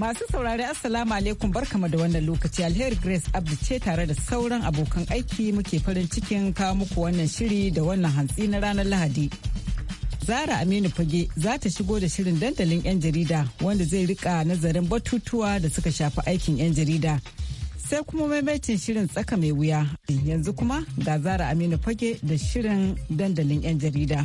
Masu saurari Assalamu alaikum barkama da wannan lokaci alheri Grace Abdi ce tare da sauran abokan aiki muke farin cikin kawo muku wannan shiri da wannan hantsi na ranar Lahadi. Zara Aminu Fage za ta shigo da shirin dandalin 'yan jarida wanda zai rika nazarin batutuwa da suka shafi aikin 'yan jarida. Sai kuma maimaitin shirin tsaka mai wuya. Yanzu kuma ga Zara Aminu Fage da shirin dandalin 'yan jarida.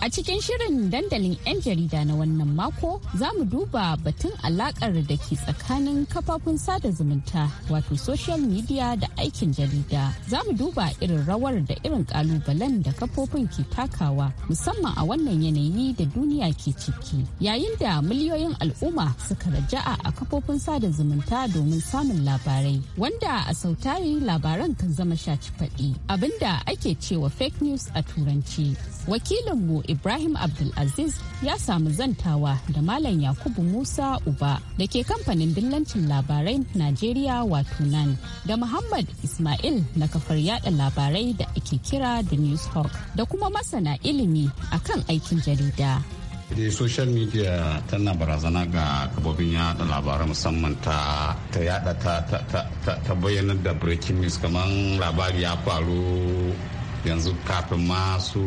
A cikin shirin dandalin 'yan jarida na wannan mako za mu duba batun alakar da ke tsakanin kafafun sada zumunta wato social media da aikin jarida. Za mu duba irin rawar da irin kalubalen da kafofin ke takawa musamman a wannan yanayi da duniya ke ciki. Yayin da miliyoyin al'umma suka raja'a a kafofin sada zumunta domin samun labarai wanda a sautari labaran kan zama ci faɗi abinda ake cewa fake news a turanci. Wakilinmu Ibrahim Abdulaziz ya samu zantawa da Malam Yakubu Musa Uba da ke kamfanin dillancin labarai Najeriya wato nan da Muhammad Ismail na kafar yada labarai da ake kira da hawk da kuma masana ilimi akan aikin jarida. da social media tana barazana ga kabobin yada labarai musamman ta ta yada ta da breaking news kamar labari ya faru yanzu kafin masu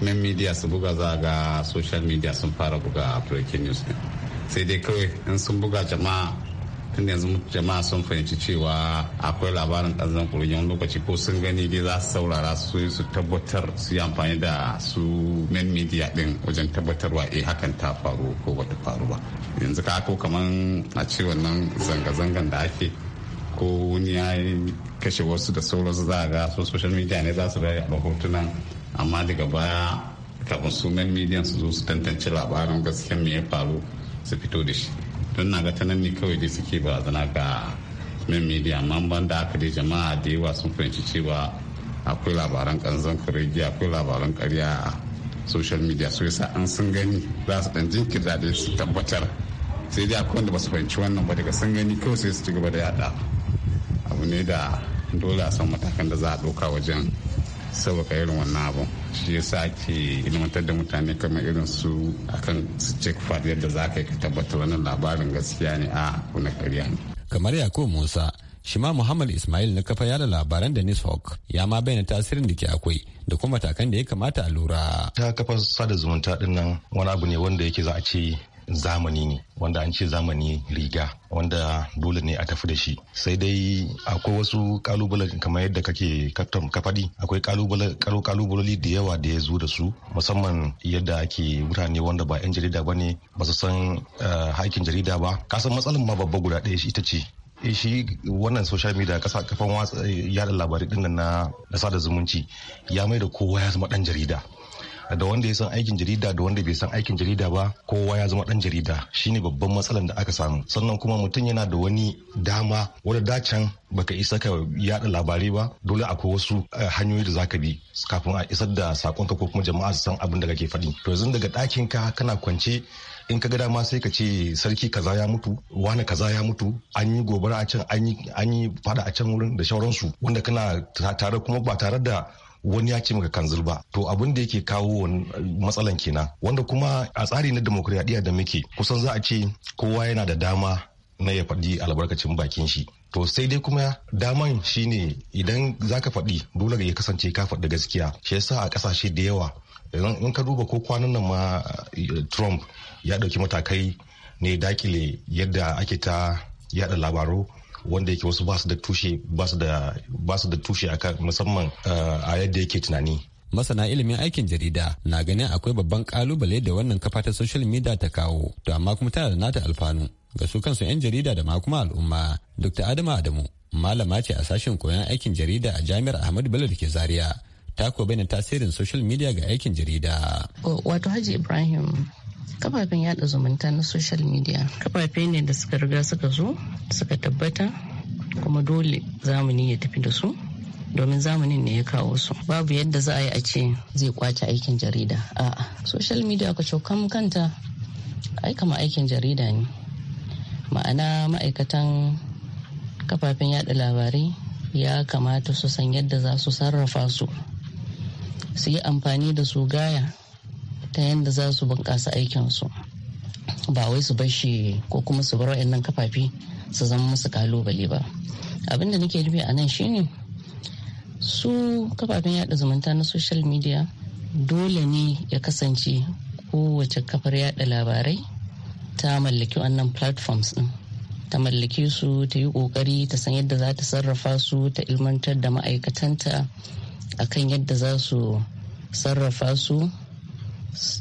min media su buga za ga social media sun fara buga breaking news din sai dai kawai in sun buga jama'a tun yanzu jama'a sun fahimci cewa akwai labarin ɗanzan kurgin lokaci ko sun gani dai za su saurara su su tabbatar su yi amfani da su main media din wajen tabbatarwa eh hakan ta faru ko bata faru ba yanzu ka ko kaman a ce wannan zanga-zangan da ake ko wani ya kashe wasu da sauransu za a ga su social media ne za su rayu a rahotunan amma daga baya kafin sunan midiyan su zo su tantance labarin gaskiyan me ya faru su fito da shi don na ga ta nan ne kawai dai suke zana ga min midiya amma ban da aka dai jama'a da yawa sun fahimci cewa akwai labaran kanzon kirgi akwai labaran karya a social media so yasa an sun gani za su dan jinkirta da su tabbatar sai dai akwai wanda ba su fahimci wannan ba daga sun gani kawai sai su ci gaba da yada abu ne da dole a san matakan da za a ɗauka wajen sauƙaƙa irin wannan abu shi yasa ake ilmantar da mutane kamar irin su kan su check yadda za ka yi ka tabbatar wannan labarin gaskiya ne a kuna karya ne kamar yako musa shi ma muhammad ismail na kafa yada labaran da nishok ya ma bayyana tasirin da ke akwai da kuma matakan da ya kamata a lura ta kafa sada zumunta din wani abu ne wanda yake za a ce zamani ne wanda an ce zamani riga wanda dole ne a tafi da shi sai dai akwai wasu kalubale kamar yadda kake kaftan kafadi akwai kalubaloli da yawa da ya zo da su musamman yadda ake mutane wanda ba 'yan jarida ba ne ba su san eh, haƙƙin jarida ba kasan matsalin ma babba guda ɗaya shi ita ce eh, shi wannan social media kasa kafan eh, yada labarai dinnan na sada zumunci ya mai da kowa ya zama ɗan jarida da wanda ya san aikin jarida da wanda bai san aikin jarida ba kowa ya zama dan jarida shine babban matsalar da aka samu sannan kuma mutum yana da wani dama wani dacan baka isa ka yada labarai ba dole akwai wasu eh, hanyoyi da zaka bi kafin a isar da sakonka ko kuma jama'a su san abin da kake faɗi to yanzu daga ɗakin ka kana kwance in ka ga dama sai ka ce sarki kaza ya mutu wani kaza ya mutu an yi gobara a can an yi fada a can wurin da shauransu wanda kana tare kuma ba tare da wani ya ce maka kan ba to abin da yake kawo matsalan kenan wanda kuma a tsari na demokuraɗiyya da muke kusan za a ce kowa yana da dama na ya faɗi albarkacin bakin shi to sai dai kuma daman shine idan zaka faɗi dole ya kasance ka faɗi gaskiya shi yasa a ƙasashe da yawa in ka duba ko kwanan nan ma eh, trump ya ɗauki matakai ne dakile yadda ake ta yada labaru wanda yake wasu basu da tushe basu da tushe akan musamman eh, a yadda yake tunani masana ilimin aikin jarida na ganin akwai babban kalubale da wannan kafa ta social media ta kawo to amma kuma tana da nata alfanu ga su kansu 'yan jarida da ma kuma al'umma dr adamu adamu malama ce a sashen koyon aikin jarida a jami'ar ahmadu bello da ke zaria ta kuwa bayyana tasirin social media ga aikin jarida wato haji ibrahim kafafen yada zumunta na social media kafafe ne da suka riga suka zo suka tabbata kuma dole zamani ya tafi da su domin zamanin ne ya kawo su babu yadda za a yi a ce zai kwace aikin jarida a'a social media ka cokan kanta ai kama aikin jarida ne ma'ana ma'aikatan kafafen yada labarai ya kamata su san yadda za su sarrafa su su yi amfani da su gaya ta yadda za su bunƙasa aikinsu ba wai su bar shi ko kuma su bar wa'annan kafafi su zama musu kalubale ba abin da nake nufi a nan shine su kafafen yada zumunta na social media dole ne ya kasance kowace kafar yada labarai ta mallaki wannan platforms din ta mallake su ta yi kokari ta san yadda za ta sarrafa su ta ilmantar da ma'aikatanta akan yadda za su sarrafa su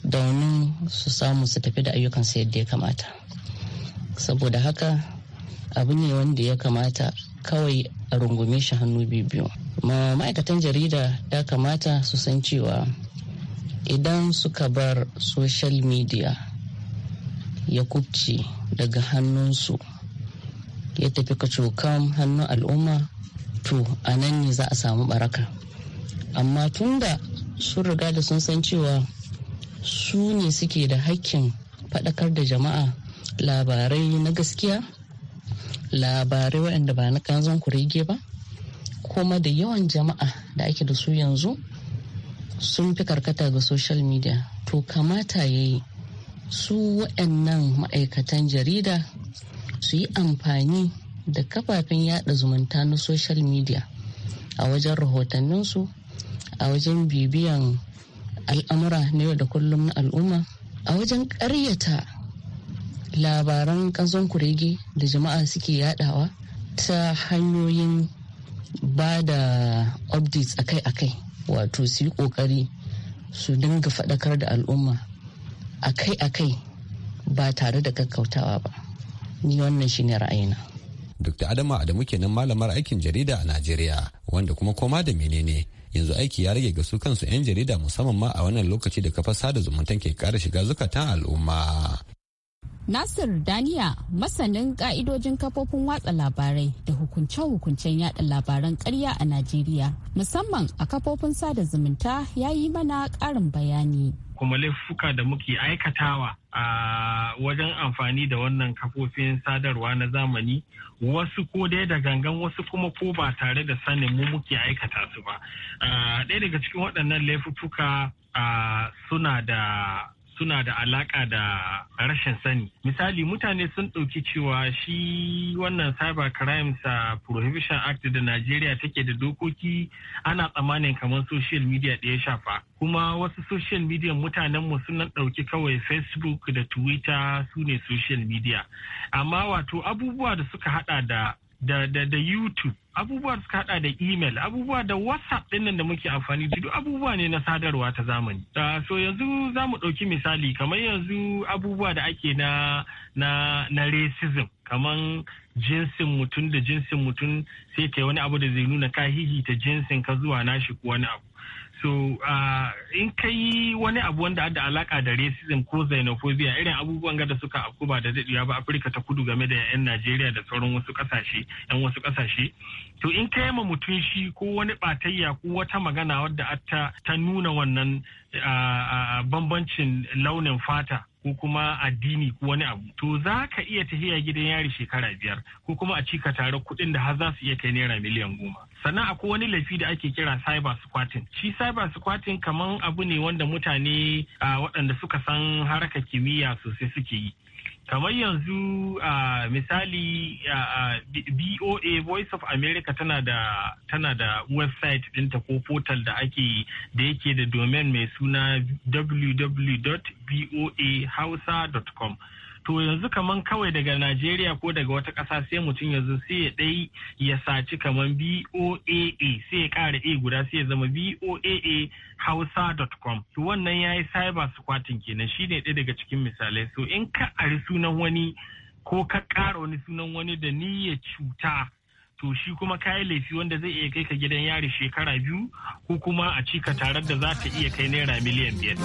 domin su samu su tafi da ayyukan ayyukansu yadda ya kamata saboda haka abu ne wanda ya kamata kawai a rungume shi hannu biyu ma'aikatan jarida ya kamata su san cewa idan suka bar social media ya kubce daga hannunsu ya tafi kacokan hannun al'umma to a nan ne za a samu baraka amma tunda sun riga da sun san cewa su ne suke da hakkin faɗakar da jama'a labarai na gaskiya labarai waɗanda ba na kanzon kurege ba kuma da yawan jama'a da ake da su yanzu sun fi karkata ga social media to kamata ya yi su waɗannan ma'aikatan jarida su yi amfani da kafafen yada zumunta na social media a wajen rahotanninsu a wajen bibiyan al'amura na yau da kullum na al'umma a wajen ƙaryata labaran ƙanzon kurege da jama'a suke yadawa ta hanyoyin ba da updates akai-akai wato su yi ƙoƙari su dinga faɗakar da al'umma akai-akai ba tare da kakkautawa ba ni wannan shi ne ra'ayina dr adama adamu kenan malamar aikin jarida a najeriya wanda kuma koma da menene yanzu aiki ya rage ga su kansu 'yan jarida musamman ma a wannan lokaci da kafar sada zumuntan ke kara shiga zukatan al'umma Nasir Daniya masanin ka'idojin kafofin watsa labarai da hukunce-hukuncen yada labaran karya a Najeriya musamman a kafofin sada zumunta ya yi mana ƙarin bayani. Kuma laifuka da muke aikatawa a wajen amfani da wannan kafofin sadarwa na zamani wasu ko dai da gangan wasu kuma ko ba tare da sanin mu muke aikata su ba. Ɗaya daga cikin waɗannan laifuka suna da suna da alaka da rashin sani. Misali mutane sun ɗauki cewa shi wannan cyber crimes uh, prohibition act da Najeriya take da dokoki ana tsammanin kamar social media da ya shafa. Kuma wasu social media mutanenmu sun ɗauki kawai Facebook da Twitter su ne social media. Amma wato abubuwa da suka hada da da, da, da YouTube, abubuwa suka hada da email, abubuwa da WhatsApp ɗinnan da muke amfani da duk abubuwa ne na sadarwa ta zamani. Uh, so yanzu za mu ɗauki misali kamar yanzu abubuwa da ake na, na, na racism, kamar jinsin mutum da jinsin mutum sai ta wani abu da zai nuna ka hihita jinsin ka zuwa nashi ko wani abu. wato uh, in ka yi wani abu wanda da alaka da racism ko xenophobia irin abubuwan gada suka afku ba da daɗewa ba afirka ta kudu game da 'yan najeriya da sauran wasu ƙasashe 'yan wasu ƙasashe to in ka ma mutum shi ko wani batayya ko wata magana wadda ta nuna wannan uh, uh, bambancin launin fata ko kuma addini ko wani abu to za ka iya tafiya gidan yari shekara biyar ko kuma a cika tare kuɗin da har za su iya kai naira miliyan goma sannan akwai wani laifi da ake kira cyber squatting shi cyber squatting kaman abu ne wanda mutane a waɗanda suka san haraka kimiyya sosai suke yi kamar yanzu a misali BOA Voice of America tana da tana da website ɗinta ko portal da ake da yake da domain mai suna www.boahausa.com to yanzu kaman kawai daga najeriya ko daga wata ƙasa sai mutum yanzu sai ya ɗai ya saci kaman boaa sai ya ƙara a guda sai ya zama boaa hausa.com to wannan ya yi cyber squatting kenan shi ne ɗaya daga cikin misalai so in ka ari sunan wani ko ka ƙara wani sunan wani da ya cuta to shi kuma kayi laifi wanda zai iya kai ka gidan yari shekara biyu ko kuma a cika tarar da za ta iya kai naira miliyan biyar.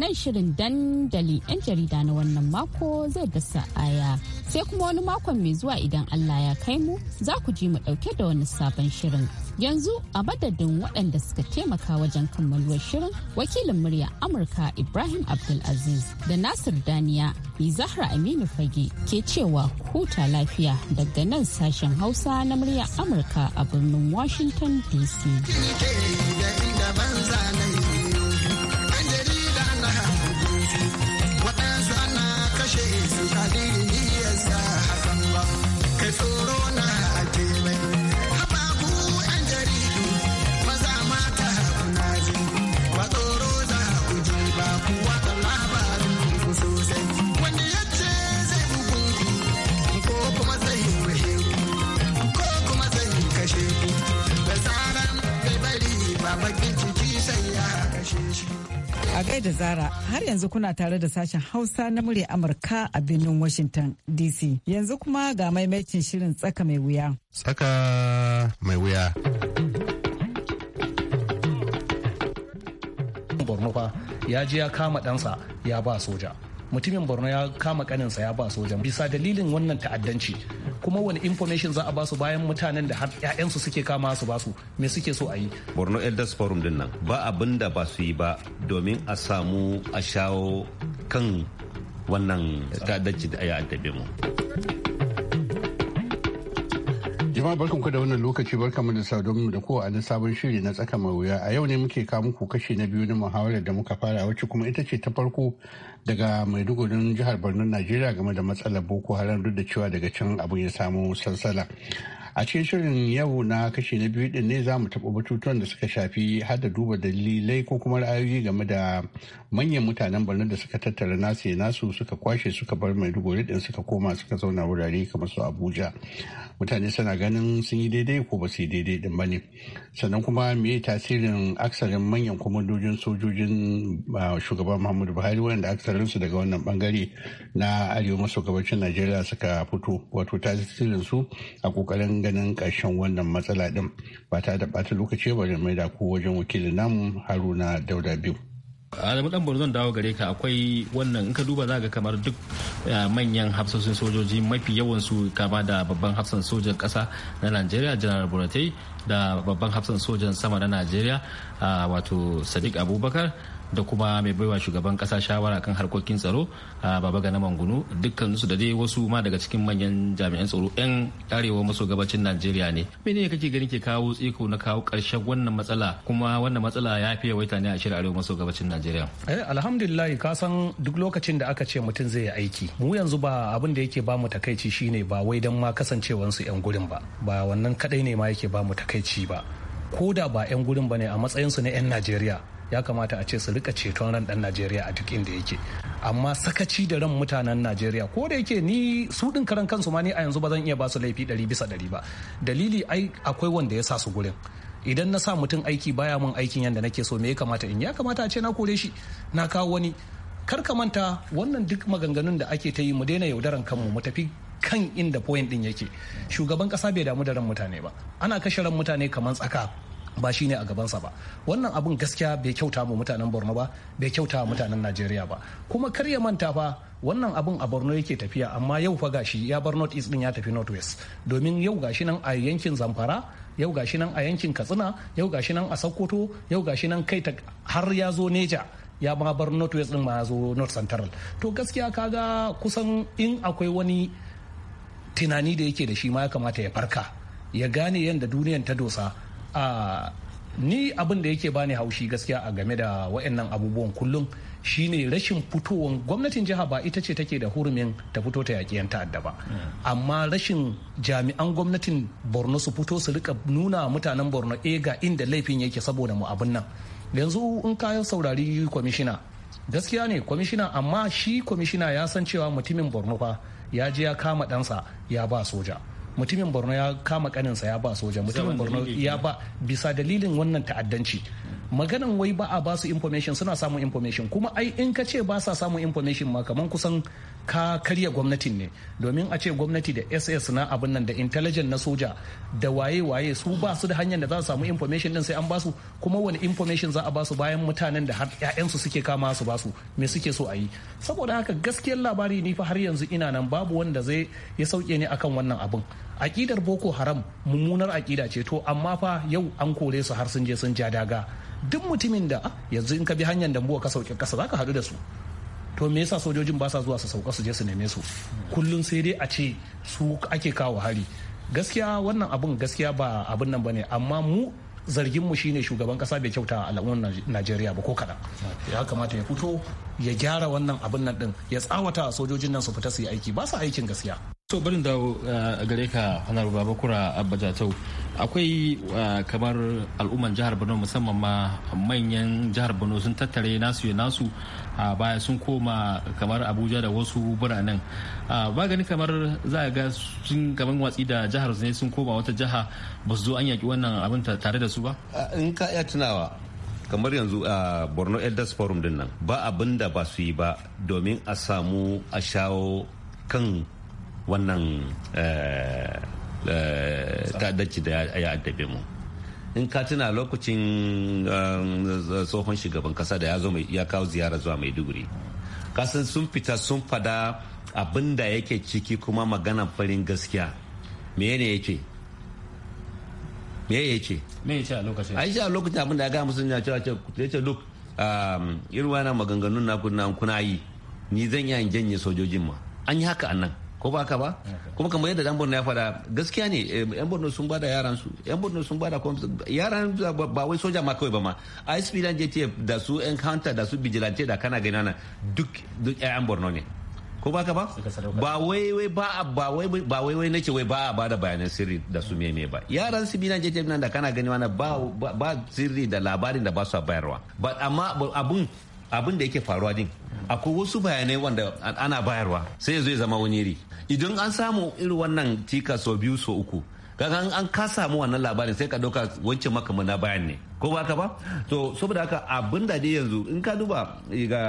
nan shirin dandali 'yan jarida na wannan mako zai dasa aya sai kuma wani makon mai zuwa idan allah ya kai mu za ku ji mu ɗauke da wani sabon shirin yanzu a madadin waɗanda suka taimaka wajen kammaluwar shirin wakilin murya amurka ibrahim abdulaziz da nasir daniya mai zahra aminu fage ke cewa huta lafiya daga nan sashen hausa na murya amurka a birnin washington dc Charlie. da Zara har yanzu kuna tare da sashen Hausa na murya Amurka a birnin Washington DC. Yanzu kuma ga maimacin shirin tsaka mai wuya. Tsaka mai wuya. ya ji ya kama ɗansa ya ba soja. mutumin borno ya kama kaninsa ya ba sojan bisa dalilin wannan ta'addanci kuma wani information za a ba su bayan mutanen da har 'ya'yansu suke kama su ba su me suke so a yi borno elders forum din nan ba abin da ba su yi ba domin a samu a shawo kan wannan ta'addanci da ya addabe mu Jama'a barkan ku da wannan lokaci barkan mu da saudon mu da kowa na sabon shiri na tsaka mai wuya. A yau ne muke kawo muku kashi na biyu na muhawarar da muka fara wacce kuma ita ce ta farko daga maidugurin jihar Borno Najeriya game da matsalar Boko Haram duk da cewa daga can abu ya samu salsala. a cikin shirin yau na kashi na biyu din ne za mu taɓa batutuwan da suka shafi hada duba dalilai ko kuma ra'ayoyi game da manyan mutanen birnin da suka tattara nasu ya nasu suka kwashe suka bar maiduguri din suka koma suka zauna wurare kamar su abuja mutane suna ganin sun yi daidai ko ba su yi daidai din ba ne sannan kuma me tasirin aksarin manyan kwamandojin sojojin shugaban muhammadu buhari wanda aksarinsu daga wannan bangare na arewa maso gabacin najeriya suka fito wato tasirin su a kokarin ganin karshen wannan matsala din ba ta da bata lokaci bari mai da ku wajen wakilin namu haruna dauda biyu Adamu dan zan dawo gare ka akwai wannan in ka duba za ga kamar duk eh, manyan hafsoshin sojoji mafi yawan su kama da babban hafsan sojan kasa na Najeriya General Buratai da babban hafsan sojan sama na najeriya wato sadiq abubakar da kuma mai baiwa shugaban kasa shawara kan harkokin tsaro a baba gana mangunu dukkan da dai wasu ma daga cikin manyan jami'an tsaro yan arewa maso gabacin najeriya ne mene ne kake ganin ke kawo tsiko na kawo karshen wannan matsala kuma wannan matsala ya fi yawaita ne a shirin arewa maso gabacin najeriya eh alhamdulillah ka san duk lokacin da aka ce mutum zai yi aiki mu yanzu ba abin da yake ba mu takaici shine ba wai dan ma kasancewansu yan gurin ba ba wannan kadai ne ma yake ba mu takaici ba ko da ba 'yan gurin ba ne a su na 'yan najeriya ya kamata a ce su rika ceton ran dan najeriya a duk inda yake amma sakaci da ran mutanen najeriya ko da yake ni su din karan kansu ma ni a yanzu ba zan iya ba su laifi ɗari bisa ɗari ba dalili ai akwai wanda ya sa su gurin idan na sa mutum aiki baya mun aikin yadda nake so me ya kamata in ya kamata a ce na kore shi na kawo wani kar ka manta wannan duk maganganun da ake ta yi mu daina yaudaran kanmu mu tafi kan inda point din yake shugaban kasa bai damu da ran mutane ba ana kashe ran mutane kamar tsaka ba shi ne a gabansa ba wannan abun gaskiya bai kyauta mu mutanen borno ba bai kyauta wa mutanen najeriya ba kuma kar ya manta fa wannan abun a borno yake tafiya amma yau fa gashi ya bar north east din ya tafi north west domin yau gashi nan a yankin zamfara yau gashi nan a yankin katsina yau gashi nan a sokoto yau gashi nan kai har ya zo neja ya ma bar north west din ma ya zo north central to gaskiya kaga kusan in akwai wani tunani da yake da shi ma ya kamata ya farka ya gane yadda duniyan ta dosa a ni abin da yake bani haushi gaskiya a game da waɗannan abubuwan kullum shine rashin fitowar gwamnatin jiha ba ita ce take da hurumin ta fito ta yaki yan ta'adda ba amma rashin jami'an gwamnatin borno su fito su rika nuna mutanen borno ega eh, inda laifin yake saboda mu abin nan yanzu in kayan saurari kwamishina gaskiya ne kwamishina amma shi kwamishina ya san cewa mutumin borno fa ya je ya kama ɗansa ya ba soja mutumin borno ya kama kaninsa ya ba soja mutumin borno ya ba bisa dalilin wannan ta'addanci maganan wai ba a basu information suna samun information kuma ai in ka ce ba sa samun information ma kaman kusan ka karya gwamnatin ne domin a ce gwamnati da ss na abin nan da intelligence na soja da waye-waye su ba su da hanyar da za su samu information din sai an basu kuma wani information za a basu bayan mutanen da har su suke kama su basu me suke so a yi saboda haka gaskiyar labari ni fa har yanzu ina nan babu wanda zai ya sauke ni akan wannan abin akidar boko haram mummunar akida ce to amma fa yau an kore su har sun je sun ja daga duk mutumin da yanzu in ka bi hanyar dambuwa ka sauke kasa za ka haɗu da su to me yasa sojojin ba sa zuwa su sauka su je su neme su kullum sai dai a ce su ake kawo hari gaskiya wannan abun gaskiya ba abun nan bane amma mu zargin mu shine shugaban kasa bai kyauta a al'ummar Najeriya ba ko kada ya kamata ya fito ya gyara wannan abun nan din ya tsawata sojojin nan su fita su yi aiki ba su aikin gaskiya to barin dawo eh, gare ka honorable babakura abba jatau akwai uh, kamar al'umman jihar borno musamman ma manyan jihar borno sun tattare nasu ya nasu a baya sun koma kamar abuja da wasu biranen ba gani kamar za a ga sun kamar watsi da jihar ne sun koma wata jiha ba su zo an yaki wannan abin tare da su ba in ka iya tunawa kamar yanzu a borno elders forum din nan ba abin da ba su yi ba domin a samu a shawo kan wannan eh, Eh, Ta dace da ya addabe mu in ka tuna lokacin um, tsohon shugaban kasa da ya zo ya kawo ziyara zuwa maiduguri kasan sun fita sun fada abin da yake ciki kuma magana farin gaskiya me ne yake me ya ce me ya ce a lokacin a ce a lokacin abin da ya gaya musu ya cewa ya ce duk um, irin wani maganganun na kuna yi ni zan iya janye sojojin ma an yi haka a nan ko ba ka ba kuma kamar yadda dan borno ya faɗa gaskiya ne eh, yan borno sun bada yaran su yan borno sun bada yaran ba wai soja ma kawai ba ma isp dan jtf da su encounter da su vigilante da kana gina nan duk duk yan borno ne ko ba ka ba ba wai wai ba ba wai ba wai wai nake wai ba a bada bayanan sirri da su meme ba yaran su binan JTF nan da kana gani wannan ba ba sirri da labarin da ba su bayarwa but amma abun abin da yake faruwa din akwai wasu bayanai wanda ana bayarwa sai zai zama wani iri idan an samu irin wannan tika sau biyu sau uku kaga an ka samu wannan labarin sai ka dauka wancan maka na bayan ne ko ba ka ba to saboda haka abin da yanzu in ka duba eh, ga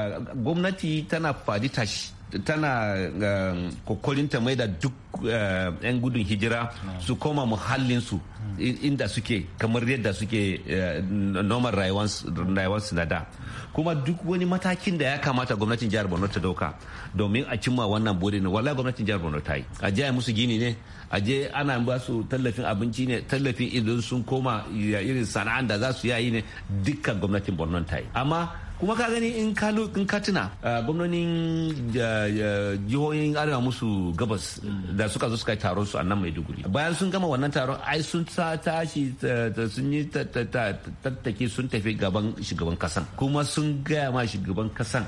gwamnati tana fadi tashi tana um, kokarin ta mai da duk uh, 'yan gudun hijira su koma muhallinsu inda suke kamar yadda suke uh, normal rayuwarsu na da kuma duk wani matakin da ya kamata gwamnatin jihar borno ta dauka domin a cimma wannan bori ne wala gwamnatin jihar borno ta yi a jiya musu gini ne a je ana ba su tallafin abinci ne tallafin idan sun koma irin sana'an da za su yayi ne dukkan gwamnatin borno ta yi amma kuma ka gani in ka in ka tuna uh, gwamnonin uh, uh, jihohin arewa musu gabas da suka zo suka yi taron su a nan maiduguri bayan sun gama wannan taron ai sun tashi sun yi tattake sun tafi gaban shugaban kasan kuma sun gaya ma shugaban kasan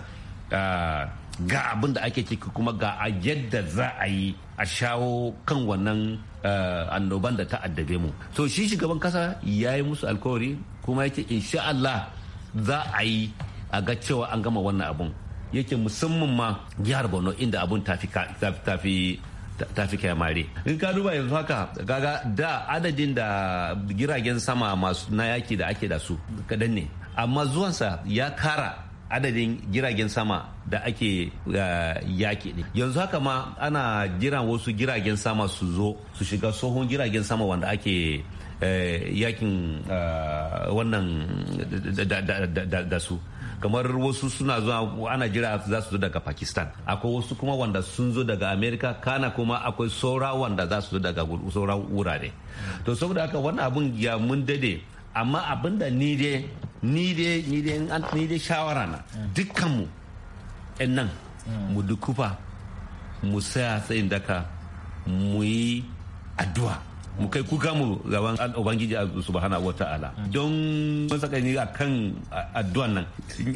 ga abin da ake ciki kuma ga yadda za a yi a shawo kan wannan annoban da ta addabe mu to shi shugaban kasa ya yi musu alkawari kuma yake insha Allah za a yi a ga cewa an gama wannan abun yake musamman ma jihar borno inda abun tafi kai kyamare in ka duba yanzu haka gaga da adadin da giragen sama masu na yaki da ake da su kadan ne amma zuwansa ya kara adadin giragen sama da ake eh, yaki ne yanzu haka ma ana jiran wasu giragen sama su zo su shiga tsohon giragen sama wanda ake eh, yakin eh, wannan da su kamar wasu suna zuwa ana jira za su zo daga pakistan akwai wasu kuma wanda sun zo daga america kana kuma akwai saura wanda za su zo daga saura wurare to saboda haka wannan abun ya mun dade amma abin da ni dai ni ni dai shawara na dukkanmu yan nan mu dukufa mu saya tsayin daka mu yi addu'a mu kai kuka mu gaban ubangiji subhanahu taala. don mun saka ni akan addu'an nan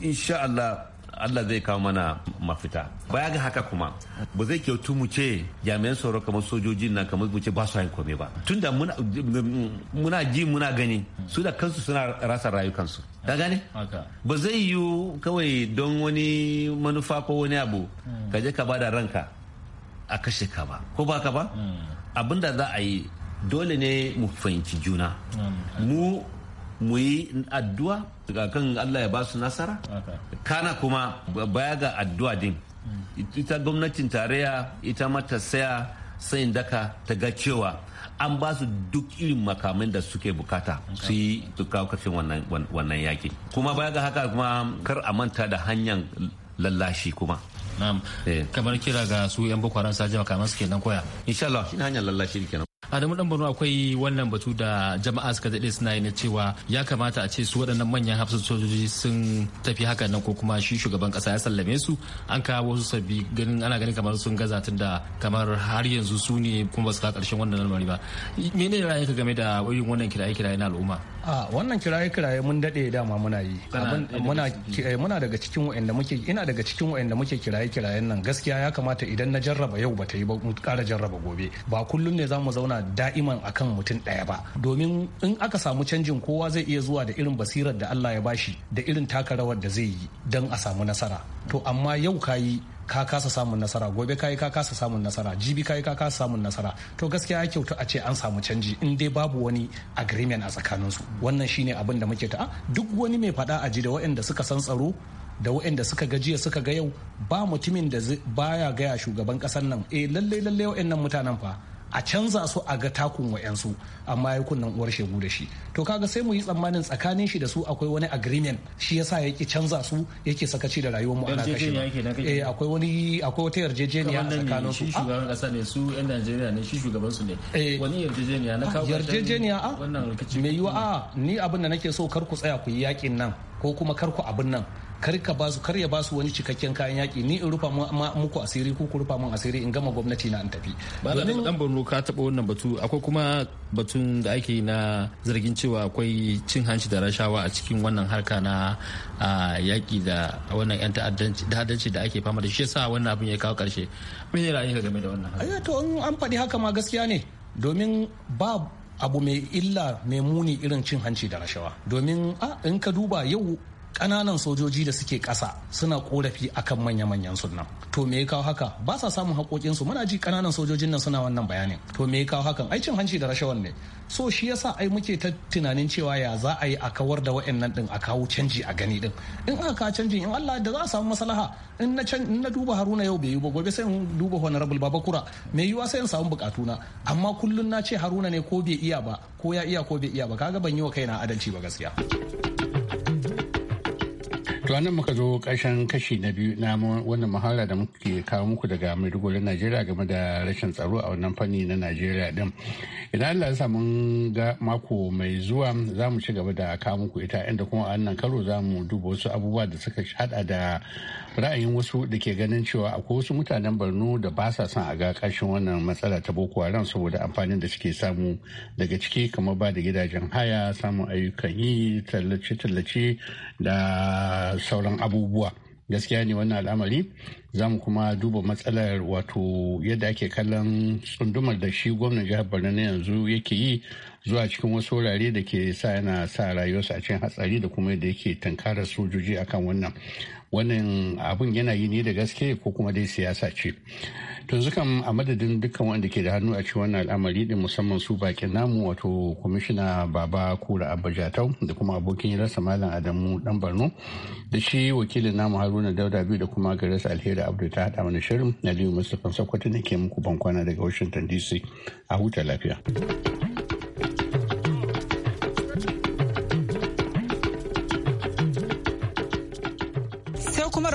insha Allah Allah zai kawo mana mafita baya ga haka kuma ba zai kyautu mu ce jami'an tsaro kamar sojoji na kamar mu ce ba su yin komai ba tunda muna muna ji muna gani su da kansu suna rasa rayukansu ka gane ba zai yi kawai don wani manufa ko wani abu hmm. ka je ka bada ranka a kashe ka ba ko ba ka ba hmm. abinda za a yi dole ne mu fahimci juna mu mu yi addu'a kan Allah ya ba su nasara kana kuma baya ga addu'a din mm. ita gwamnatin tarayya ita mata saya sayin daka ta ga cewa an ba su duk irin makamai da suke bukata su yi kawo karshen wannan yaki kuma baya ga haka kuma kar a manta da hanyar lallashi kuma eh. kamar kira ga su 'yan bukwaran sajima kamar su nan koya insha Allah shi hanyar lallashi kenan Adamu dan Borno akwai wannan batu da jama'a suka daɗe suna yi na cewa ya kamata a ce su waɗannan manyan hafsan sojoji sun tafi haka nan ko kuma shi shugaban ƙasa ya sallame su an kawo wasu sabbi ganin ana ganin kamar sun gaza tun da kamar har yanzu su ne kuma ba su ka ƙarshen wannan lamari ba. Mene ne ra'ayinka game da irin wannan kiraye-kiraye na al'umma? a wannan kiraye kiraye mun dade dama muna yi eh, muna daga cikin wa'anda muke ina daga cikin wa'anda muke kiraye kirayen nan gaskiya ya kamata idan na jarraba yau bata yi ba kara jarraba gobe ba kullum ne za mu zauna da'iman akan mutum daya ba domin in aka samu canjin kowa zai iya zuwa da irin basirar da Allah ya bashi da irin taka rawar da zai yi don a samu nasara to amma yau kayi ka kasa samun nasara gobe kayi ka kasa samun nasara jibi kayi ka kasa samun nasara to gaskiya ya kyautu a ce an samu canji in dai babu wani agreement a tsakanin su wannan shine abin da muke ta ah, duk wani mai faɗa a ji da waɗanda suka san tsaro da waɗanda suka ga jiya suka ga yau ba mutumin da baya gaya shugaban ƙasar nan eh lalle lalle waɗannan mutanen fa a canza su a ga takun wa'yansu amma ya kunnan uwar shegu da shi to kaga sai mu yi tsammanin tsakanin shi da su akwai wani agreement shi yasa yake canza su yake sakaci da rayuwar mu ana kashi eh akwai wani akwai wata yarjejeniya a tsakanin su shugaban kasa ne su yan Najeriya ne shi shugaban su ne eh. wani yarjejeniya na kawo yarjejeniya a ah, wannan rikici me yiwa a ah, ni abin da nake so kar ku tsaya ku yi yakin nan ko kuma kar ku abin nan kar ka basu kar ya basu wani cikakken kayan yaki ni in rufa muku asiri ku rufa mun asiri in gama gwamnati na in tafi da dan Borno ka taba wannan batu akwai kuma batun da ake na zargin cewa akwai cin hanci da rashawa a cikin wannan harka na yaki da wannan yan ta'addanci da ake fama da shi yasa wannan abin ya kawo karshe me ne ra'ayinka game da wannan to in an faɗi haka ma gaskiya ne domin ba abu mai illa mai muni irin cin hanci da rashawa domin in ka duba yau kananan sojoji da suke ƙasa suna korafi akan manya-manyan sunan to me ya kawo haka ba sa samun haƙoƙin su muna ji kananan sojojin nan suna wannan bayanin to me ya kawo hakan ai cin hanci da rashawan ne so shi yasa ai muke ta tunanin cewa ya za a yi a kawar da wa'annan din a kawo canji a gani din in aka kawo canji in Allah da za a samu maslaha in na can na duba Haruna yau bai yi ba gobe sai in duba honorable Babakura me yiwa sai in samu bukatu na. amma kullun na ce Haruna ne ko bai iya ba ko ya iya ko bai iya ba kaga ban yi wa kaina adalci ba gaskiya To nan muka zo ƙarshen kashi na biyu na wannan muhawara da muke kawo muku daga Maiduguri Najeriya game da rashin tsaro a wannan fanni na Najeriya din. Idan Allah ya mun ga mako mai zuwa za mu ci gaba da kawo muku ita inda kuma a wannan karo za mu duba wasu abubuwa da suka hada da ra'ayin wasu da ke ganin cewa akwai wasu mutanen borno da ba sa son a ga kashin wannan matsala ta boko haram saboda amfanin da suke samu daga ciki kamar ba da gidajen haya samun ayyukan yi tallace-tallace da sauran abubuwa gaskiya ne wannan al'amari za mu kuma duba matsalar wato yadda ake kallon tsundumar da shi gwamnan jihar borno na yanzu yake yi zuwa cikin wasu wurare da ke sa yana sa rayuwarsu a cikin hatsari da kuma yadda yake tankarar sojoji akan wannan wannan abun yana yi ne da gaske ko kuma dai siyasa ce yanzu kam a madadin dukkan wanda ke da hannu a cikin wannan al'amari din musamman su bakin namu wato kwamishina baba kura abba jatau da kuma abokin rasa malam adamu dan barno da shi wakilin namu haruna dauda biyu da kuma garis alheri abdu ta hada mana shirin na liyu mustapha sakwato ne ke muku bankwana daga washington dc a huta lafiya.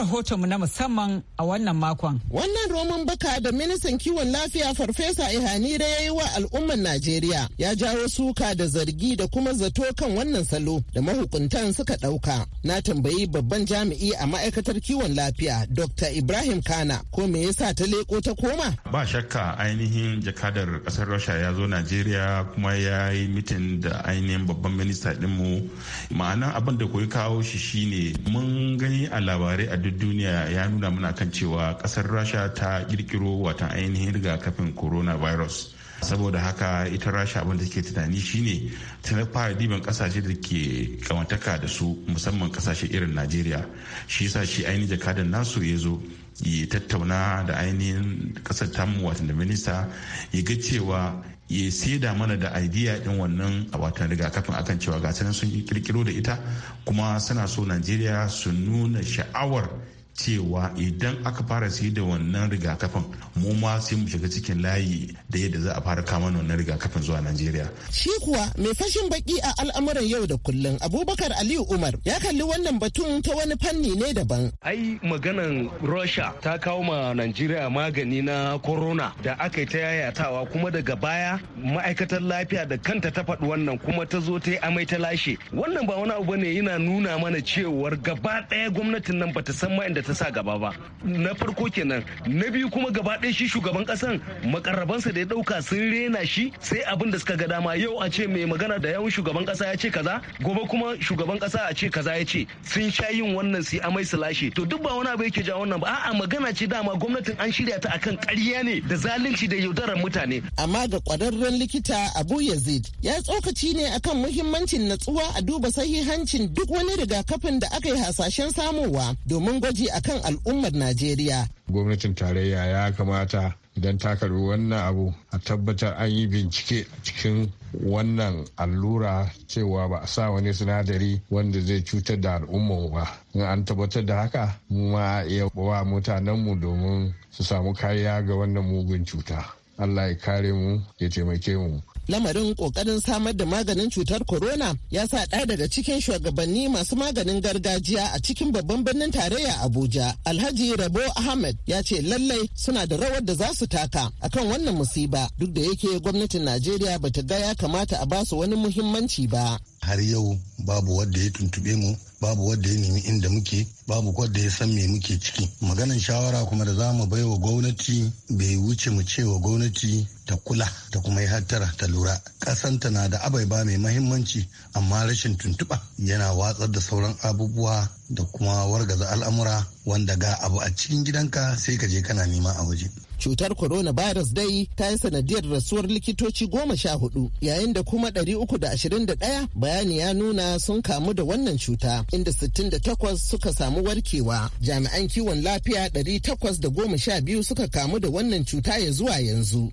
rahotonmu na musamman a wannan makon. Wannan roman baka da ministan kiwon lafiya Farfesa Ihanire ya yi wa al'ummar Najeriya ya jawo suka da zargi da kuma zato kan wannan salo da mahukuntan suka ɗauka. Na tambayi babban jami'i a ma'aikatar kiwon lafiya Dr. Ibrahim Kana ko me yasa ta leko ta koma? Ba shakka ainihin jakadar kasar Rasha ya zo Najeriya kuma ya yi mitin da ainihin babban minista ɗinmu. ma'ana abin da koyi kawo shi shine mun gani a labarai a duk duniya ya nuna mana kan cewa kasar rasha ta kirkiro wata ainihin rigakafin coronavirus saboda haka ita rasha abin da ke tunani shine ta fara diban kasashe da ke kamantaka da su musamman kasashe irin najeriya shi yasa shi ainihin jakadan nasu ya zo ya tattauna da ainihin kasar tamu watan da minista ya ga cewa ya saida mana da idea din wannan a watan rigakafin akan cewa ga sun kirkiro da ita kuma suna so najeriya su nuna sha'awar cewa idan aka fara sai da wannan rigakafin mu ma sai mu shiga cikin layi da yadda za a fara kama wannan rigakafin zuwa Najeriya. Shi kuwa mai fashin baki a al'amuran yau da kullum Abubakar Aliyu Umar ya kalli wannan batun ta wani fanni ne daban. Ai maganan Russia ta kawo ma Najeriya magani na corona da aka yi ta yayatawa kuma daga baya ma'aikatar lafiya da kanta ta faɗi wannan kuma ta zo ta yi amai ta lashe. Wannan ba wani abu ne yana nuna mana cewar gaba ɗaya gwamnatin nan bata san ma'inda ta sa gaba ba na farko kenan na biyu kuma gaba ɗaya shi shugaban ƙasan makarrabansa da ya ɗauka sun rena shi sai abin da suka ga dama yau a ce mai magana da yawan shugaban ƙasa ya ce kaza gobe kuma shugaban ƙasa a ce kaza ya ce sun sha yin wannan su amai su lashe to duk ba wani abu yake ja wannan ba a'a magana ce dama gwamnatin an shirya ta akan ƙarya ne da zalunci da yaudarar mutane amma ga kwararren likita Abu Yazid ya tsokaci ne akan muhimmancin natsuwa a duba sahihancin duk wani rigakafin da aka yi hasashen samowa domin gwaji akan al'ummar Najeriya. Gwamnatin tarayya ya kamata idan ta karbi wannan abu a tabbatar an yi bincike a cikin wannan allura cewa ba a sa wani sinadari wanda zai cutar da al'umma ba in an tabbatar da haka mu ma iya wa mutanenmu domin su samu kariya ga wannan mugun cuta Allah ya kare mu ya taimake mu lamarin kokarin samar da maganin cutar corona ya sa ɗaya daga cikin shugabanni masu maganin gargajiya a cikin babban birnin tarayya abuja alhaji rabo ahmed ya ce lallai suna da rawar da za su taka akan wannan musiba duk da yake gwamnatin najeriya bata ga ya kamata a basu wani muhimmanci ba har yau babu wanda ya tuntube mu babu wanda ya nemi inda muke babu wanda ya san me muke ciki maganan shawara kuma da za mu bai wa gwamnati bai wuce mu ce wa gwamnati ta kula ta kuma yi hattara ta lura kasanta na da abaiba mai mahimmanci amma rashin tuntuɓa yana watsar da sauran abubuwa da kuma wargaza al'amura wanda ga abu a cikin gidanka sai ka je kana nema a waje cutar coronavirus dai ta yi sanadiyar rasuwar likitoci goma sha hudu yayin da kuma ɗari uku da ashirin da ɗaya bayani ya nuna sun kamu da wannan cuta inda sittin da takwas suka samu warkewa jami'an kiwon lafiya ɗari takwas da goma sha biyu suka kamu da wannan cuta ya zuwa yanzu